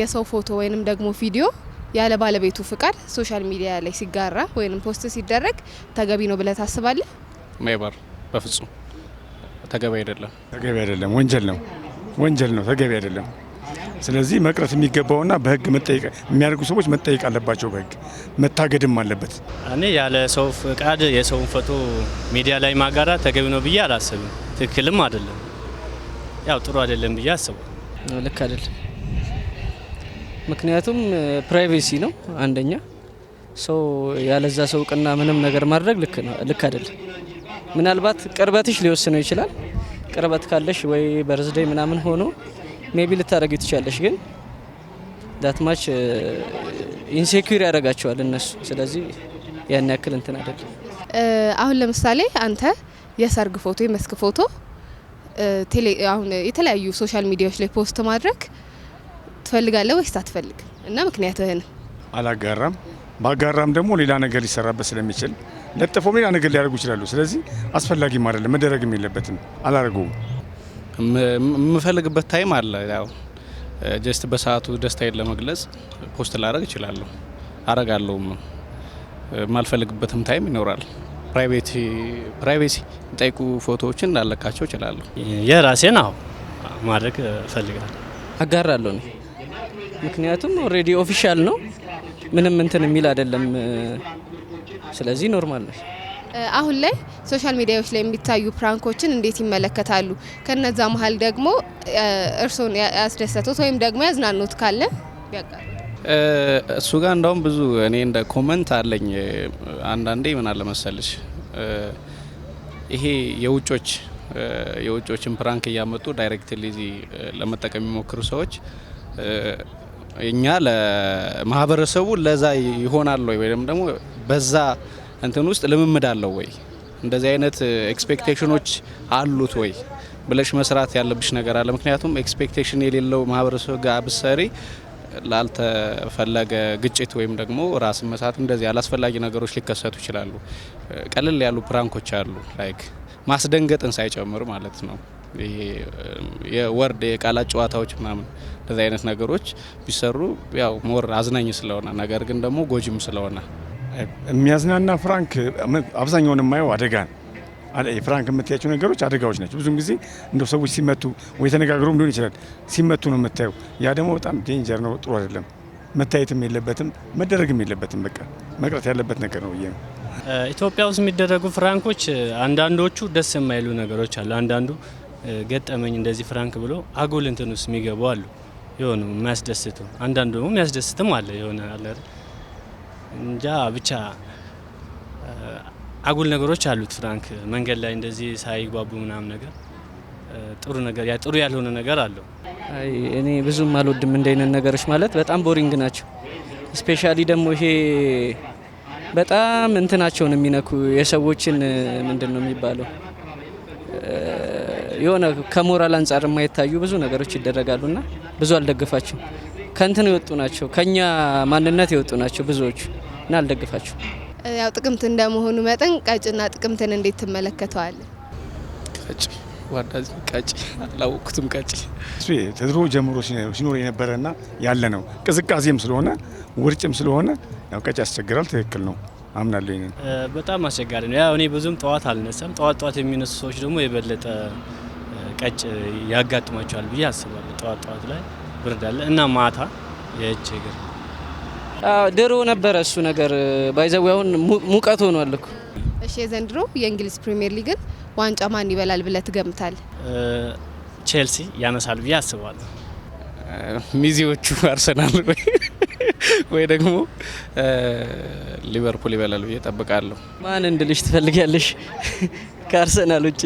የሰው ፎቶ ወይንም ደግሞ ቪዲዮ ያለ ባለቤቱ ፍቃድ ሶሻል ሚዲያ ላይ ሲጋራ ወይንም ፖስት ሲደረግ ተገቢ ነው ብለህ ታስባለህ? ሜበር በፍጹም ተገቢ አይደለም። ተገቢ አይደለም፣ ወንጀል ነው። ወንጀል ነው፣ ተገቢ አይደለም። ስለዚህ መቅረት የሚገባውና በህግ መጠየቅ የሚያደርጉ ሰዎች መጠየቅ አለባቸው። በህግ መታገድም አለበት። እኔ ያለ ሰው ፍቃድ የሰውን ፎቶ ሚዲያ ላይ ማጋራ ተገቢ ነው ብዬ አላስብም። ትክክልም አይደለም። ያው ጥሩ አይደለም ብዬ አስቡ። ልክ አይደለም። ምክንያቱም ፕራይቬሲ ነው አንደኛ። ሰው ያለዛ ሰው እውቅና ምንም ነገር ማድረግ ልክ አይደለም። ምናልባት ቅርበትሽ ሊወስነው ይችላል። ቅርበት ካለሽ ወይ በርዝደይ ምናምን ሆኖ ሜቢ ልታደረግ ትችላለሽ። ግን ዳትማች ኢንሴኪር ያደርጋቸዋል እነሱ። ስለዚህ ያን ያክል እንትን አይደለም። አሁን ለምሳሌ አንተ የሰርግ ፎቶ፣ የመስክ ፎቶ አሁን የተለያዩ ሶሻል ሚዲያዎች ላይ ፖስት ማድረግ ትፈልጋለህ ወይስ አትፈልግ እና ምክንያትህን አላጋራም። ባጋራም ደግሞ ሌላ ነገር ሊሰራበት ስለሚችል ለጥፎም ሌላ ነገር ሊያደርጉ ይችላሉ። ስለዚህ አስፈላጊም አይደለም፣ መደረግም የለበትም። አላደርገውም። የምፈልግበት ታይም አለ። ያው ጀስት በሰዓቱ ደስታዬን ለመግለጽ ፖስት ላደርግ እችላለሁ፣ አረጋለሁም። የማልፈልግበትም ታይም ይኖራል። ፕራይቬሲ ጠይቁ ፎቶዎችን እንዳለካቸው እችላለሁ። የራሴን አዎ ማድረግ እፈልጋለሁ፣ አጋራለሁ። ምክንያቱም ኦልሬዲ ኦፊሻል ነው። ምንም እንትን የሚል አይደለም። ስለዚህ ኖርማል ነው። አሁን ላይ ሶሻል ሚዲያዎች ላይ የሚታዩ ፕራንኮችን እንዴት ይመለከታሉ? ከነዛ መሀል ደግሞ እርስዎን ያስደሰቱት ወይም ደግሞ ያዝናኑት ካለ ቢያቃሉ። እሱ ጋር እንዳውም ብዙ እኔ እንደ ኮመንት አለኝ። አንዳንዴ ምን አለ መሰልሽ ይሄ የውጮች የውጮችን ፕራንክ እያመጡ ዳይሬክትሊ ለመጠቀም የሚሞክሩ ሰዎች እኛ ለማህበረሰቡ ለዛ ይሆናል ወይ ወይም ደግሞ በዛ እንትን ውስጥ ልምምድ አለው ወይ እንደዚህ አይነት ኤክስፔክቴሽኖች አሉት ወይ ብለሽ መስራት ያለብሽ ነገር አለ። ምክንያቱም ኤክስፔክቴሽን የሌለው ማህበረሰብ ጋር ብሰሪ ላልተፈለገ ግጭት ወይም ደግሞ ራስ መሳት እንደዚህ አላስፈላጊ ነገሮች ሊከሰቱ ይችላሉ። ቀለል ያሉ ፕራንኮች አሉ ላይክ ማስደንገጥን ሳይጨምር ማለት ነው። የወርድ የቃላት ጨዋታዎች ምናምን እንደዚህ አይነት ነገሮች ቢሰሩ ያው ሞር አዝናኝ ስለሆነ ነገር ግን ደግሞ ጎጂም ስለሆነ የሚያዝናና ፍራንክ አብዛኛውን የማየው አደጋ የፍራንክ ፍራንክ የምታያቸው ነገሮች አደጋዎች ናቸው። ብዙን ጊዜ እንደ ሰዎች ሲመቱ ወይ ተነጋግሮም ሊሆን ይችላል ሲመቱ ነው የምታየው። ያ ደግሞ በጣም ዴንጀር ነው፣ ጥሩ አይደለም፣ መታየትም የለበትም መደረግም የለበትም። በቃ መቅረት ያለበት ነገር ነው ብዬ ነው። ኢትዮጵያ ውስጥ የሚደረጉ ፍራንኮች አንዳንዶቹ ደስ የማይሉ ነገሮች አሉ። አንዳንዱ ገጠመኝ እንደዚህ ፍራንክ ብሎ አጉል እንትን ውስጥ የሚገቡ አሉ። የሆኑ የሚያስደስቱ አንዳንዱ ደግሞ የሚያስደስትም አለ። የሆነ አለ እንጃ ብቻ አጉል ነገሮች አሉት ፍራንክ። መንገድ ላይ እንደዚህ ሳይግባቡ ምናምን ነገር ጥሩ ነገር ያ ጥሩ ያልሆነ ነገር አለው። እኔ ብዙም አልወድም እንደ አይነት ነገሮች ማለት በጣም ቦሪንግ ናቸው። ስፔሻሊ ደግሞ ይሄ በጣም እንትናቸውን የሚነኩ የሰዎችን ምንድን ነው የሚባለው የሆነ ከሞራል አንጻር የማይታዩ ብዙ ነገሮች ይደረጋሉና ብዙ አልደግፋቸው። ከእንትን የወጡ ናቸው፣ ከእኛ ማንነት የወጡ ናቸው ብዙዎቹ እና አልደግፋቸው። ያው ጥቅምት እንደመሆኑ መጠን ቀጭና ጥቅምትን እንዴት ትመለከተዋል? ቀጭ ዋዳ ቀጭ አላወቅኩትም። ቀጭ ተድሮ ጀምሮ ሲኖር የነበረና ያለ ነው። ቅዝቃዜም ስለሆነ ውርጭም ስለሆነ ያው ቀጭ ያስቸግራል። ትክክል ነው አምናለሁ። በጣም አስቸጋሪ ነው። ያው እኔ ብዙም ጠዋት አልነሳም። ጠዋት ጠዋት የሚነሱ ሰዎች ደግሞ የበለጠ ቀጭ ያጋጥማቸዋል ብዬ አስባለሁ። ጠዋት ጠዋት ላይ ብርድ አለ እና ማታ የእጅ እግር ድሮ ነበረ እሱ ነገር ባይዘው አሁን ሙቀት ሆኗል እኮ። እሺ የዘንድሮ የእንግሊዝ ፕሪሚየር ሊግን ዋንጫ ማን ይበላል ብለህ ትገምታል? ቼልሲ ያነሳል ብዬ አስባለሁ። ሚዜዎቹ አርሰናል ወይ ደግሞ ሊቨርፑል ይበላል ብዬ ጠብቃለሁ። ማን እንድልሽ ትፈልጊያለሽ ከአርሰናል ውጭ?